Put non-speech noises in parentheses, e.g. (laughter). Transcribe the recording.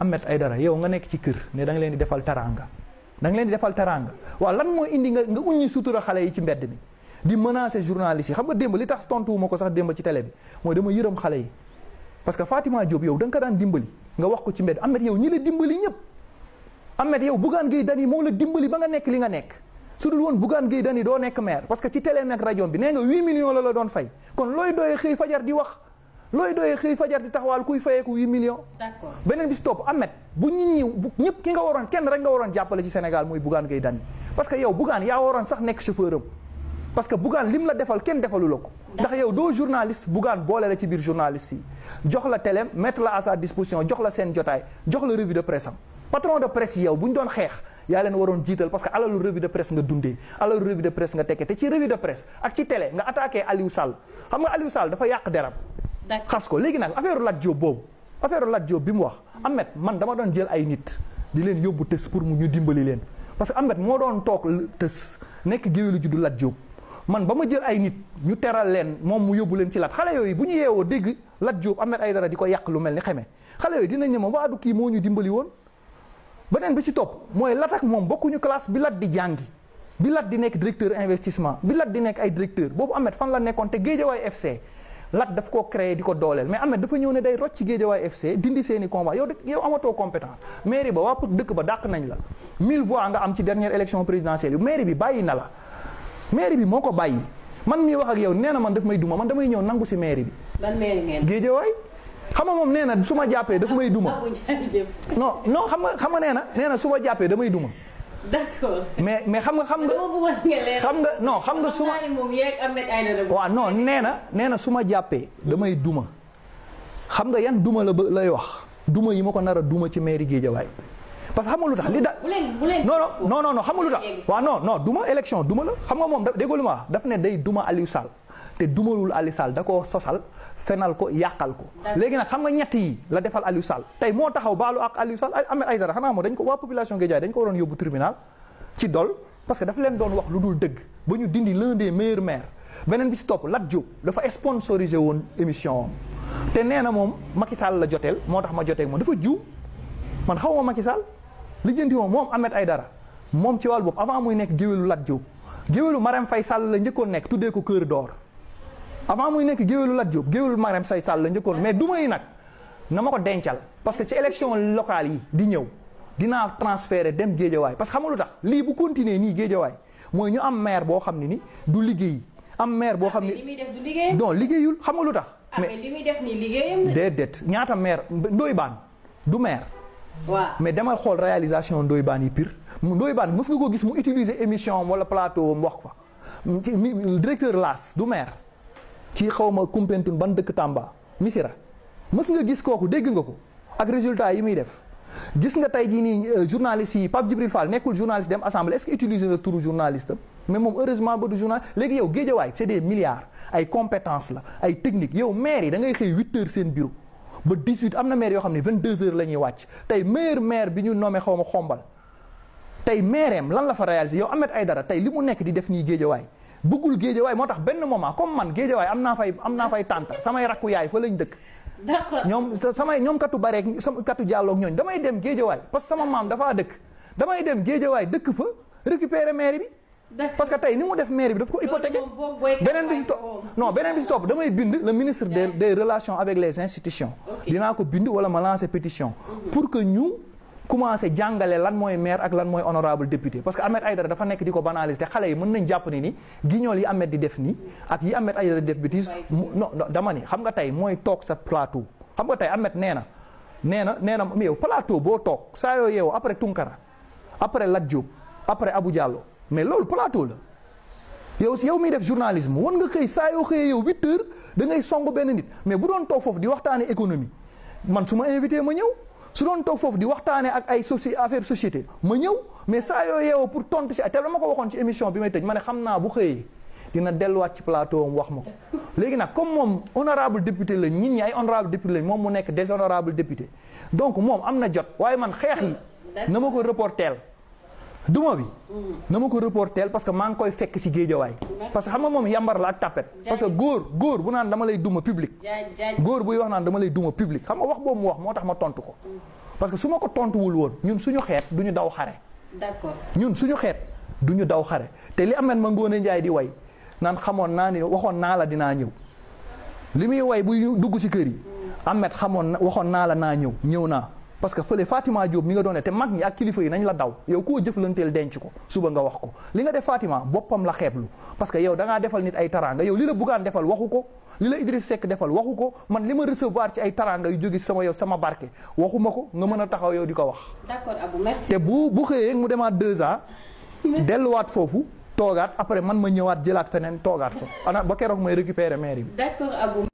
ay dara yow nga nek ci kër ne da nga leen di defal taranga da nga leen di defal taranga wa lan moo indi nga nga uñi sutura xalé yi ci mbedd mi di menacer journaliste xam nga demb li tax tontu mako sax demb ci télé bi mooy dama xalé yi parce que Fatima Diop yow da nga ko daan dimbali nga wax ko ci mbedd amet yow ñi la dimbali ñep amet yow Bougane Gueye dani mo la dimbali ba nga nek li nga nek sudul won bu Bougane Gueye dani do nek maire parce que ci télé rajo bi nee nga 8 millions la la doon fay kon loy doy xey fajar di wax looy doyee xëy fajar di taxawaal kuy fayeeku huit millions d'accord beneen bis topp amet bu ñi ñi ñëpp ki nga waroon kenn rek nga waroon jàppale ci Sénégal mooy Bougane Gueye Dany parce que yow Bougane yaa waroon sax nekk chauffeur am parce que Bougane lim la defal kenn defalu la ko ndax yow doo journaliste Bougane boole la ci biir journaliste yi jox la tele mettre la à sa disposition jox la seen jotaay jox la revue de presse am patron de presse yow bu ñu doon xeex yaa leen waroon jiital parce que alalu revue de nga dundee alalu revue de nga te ci revue de presse ak ci télé nga attaqué Aliou Sall xam nga Aliou yàq deram xas ko léegi nag affaire Lat Diop boobu affaire Lat Diop bi mu wax hmm. amet man dama doon jël ay nit di leen yóbbu tës pour mu ñu dimbali leen parce que Ahmed moo doon toog tës nekk géwélu juddu Lat Diop man ba ma jël ay nit ñu teral leen moom mu yóbbu leen ci lat xale yooyu bu ñu yeewoo dégg Lat Diop ay Aïdara di ko yàq lu mel ni xeme xale yooyu dinañ ne ma waadu kii moo ñu dimbali woon beneen bi ci topp mooy Lat ak moom bokkuñu classe bi Lat di jàn bi Lat di nekk directeur investissement bi Lat di ay directeur boobu Ahmed fan la nekkoon te Guédiawaye FC lat daf ko créé di ko dooleel mais na dafa ñëw ne day rocc Guédiawaye FC dindi seeni i combat yow yow amatoo compétence mairie ba waa dëkk ba dàq nañ la mille voix nga am ci dernière élection présidentielle yu mairie bi bàyyi na la mairie bi moo ko bàyyi man mi wax ak yow nee na man daf may duma man damay ñëw nangu si mairie bi. ban mairie ngeen. Guédiawaye xam nga moom nee na su ma jàppee dafa may duma. (laughs) non non xam nga xam nga nee na nee na su ma jàppee damay duma. d'accord mais mais xam nga xam nga. xam nga non xam nga su ma. waaw non nee na nee na su jàppee damay duma. xam nga yan duma la ba lay wax duma yi ma ko nar a duma ci mairie Guédiawaye parce que xam nga lu tax li da. non non non xam nga lu tax. waaw non non duma élection duma la xam nga moom daf déggoo ma daf ne day duma Aliou Sall. te dumalul Aliou Sall da koo sosal fenal ko yàqal ko léegi nag xam nga ñett yi la defal Aliou Sall tey moo taxaw baalo ak Aliou Sall ay dara xanaa moo dañ ko waa population Guédiawaye dañ ko waroon yóbbu tribunal ci dol parce que dafa leen doon wax lu dul dëgg ba ñu dindi l'un des meilleurs maires beneen bi si topp Lat Diop dafa sponsorisé woon émission am te nee na moom Macky Sall la joteel moo tax ma jotee moom dafa juum man xaw ma Macky Sall li jëndi moom moom Ahmed Aïdara moom ci wàll boobu avant muy nekk géwélu Lat Diop géwélu Marème Faye Sall la njëkkoon nekk tuddee ko Cœur d'or avant muy nekk géwélu Lat Diop géwélu Marème Say Sall la njëkkoon mais duma yi nag na ma ko dencal parce que ci élection locale yi di ñëw dinaa transféré dem géejawaay parce que xam tax lii bu continuer nii géejawaay mooy ñu am maire boo xam ne ni du liggéey am maire boo xam ne li liggéey non liggéeyul xam lu tax mais li muy ah, ñaata maire Ndoye Bane du maire waaw mais demal xool réalisation Ndoye baan yi pire Ndoye Bane mës nga ko gis mu utiliser émission am wala plateau am wax directeur Lass du maire ci xawma ma Koumpentoum ban dëkk Tamba Missira mës nga gis kooku dégg nga ko ak résultat yi muy def gis nga tey jii nii euh, journaliste yi Pape Djibril Fall nekkul journaliste dem assemblée est-ce que utiliser na turu journaliste mais moom heureusement ba du journal léegi yow géejawaay c'est des milliards ay compétences la ay techniques yow maire yi dangay xëy huit heures seen bureau ba dix-huit am na maire yoo xam ne vingt-deux heures la ñuy wàcc tey meilleur maire bi ñu nommé xaw ma xombal tey maireem lan la fa réalisé yow Ahmed Aïdara tey li mu nekk di def nii géejawaay bëggul géejawaay moo tax benn moment comme man géejawaay am naa fay am naa fay tànta samay rakku yaay fa lañ dëkk. d'accord ñoom samay ñoom katu bareek sama katu jàlloog ñooñ damay dem géejawaay parce que sama maam dafaa dëkk damay dem géejawaay dëkk fa récupérer mairie bi. parce que tey ni mu def mairie bi daf ko hypothéquer beneen bi si topp non beneen bi si topp damay bind le ministre de des relations avec les institutions dinaa ko bind wala ma lancer pétition mhm. pour que ñu commencé jàngale lan mooy maire ak lan mooy honorable député parce que Ahmed Aïdara dafa nekk di ko banaliser te xale yi mën nañ jàpp ni ni guignol yi Ahmed di def nii ak yi Ahmed Aïdara di def bêtise non dama ni xam nga tey mooy toog sa plateau xam nga tey Ahmed nee na nee na nee na mais yow plateau boo toog saa yoo yeewoo après Tunkara après Lat Diop après abu Diallo mais loolu plateau la yow si yow miy def journalisme wan nga xëy saa yoo xëyee yow huit da ngay song benn nit mais bu doon foofu di waxtaanee économie man su ma invité ma ñëw su doon toog foofu di waxtaanee ak ay soci affaire société ma ñëw mais saa yoo yeewoo pour tontu si ay te dama ko waxoon ci émission bi may tëj ma ne xam naa bu xëyee dina delluwaat ci plateau wax ma ko léegi nag comme moom honorable député lañ ñit ñi ay honorable député lañ moom mu nekk déshonorable député donc moom am na jot waaye man xeex yi na ma ko reporteel duma bi na ma ko reporteel parce que maa ngi koy fekk si géejawaay parce que xam nga moom yambar la ak tapet parce que góor góor bu naan dama lay duma public góor buy wax naan dama lay duma public xam nga wax boobu mu wax moo tax ma tontu ko mm. parce que su ma ko tontuwul woon ñun suñu xeet du ñu daw xare d'accord ñun suñu xeet du ñu daw xare te li amet ma ngoonee njaay di way naan xamoon naa ni waxoon naa la dinaa ñëw li muy way buy dugg si kër yi mm. amet xamoon waxoon naa la naa ñëw ñëw naa parce que fële Fatima Diop mi nga doone te mag ñi ak kilifa yi nañ la daw yow koo jëflanteel denc ko suba nga wax ko li nga def Fatima boppam la xeeblu parce que yow da defal nit ay taranga yow li la Bougane defal waxu ko li la Idriss sekk defal waxu ko man li ma recevoir ci ay taranga yu jóge sama yow sama barke waxuma ko nga mën a taxaw yow di ko wax. d'accord Abou te bu bu xëyee mu demaat deux ans. delluwaat foofu. toogaat après man ma ñëwaat jëlaat feneen toogaat fa ana ba keroog may récupérer mairie bi.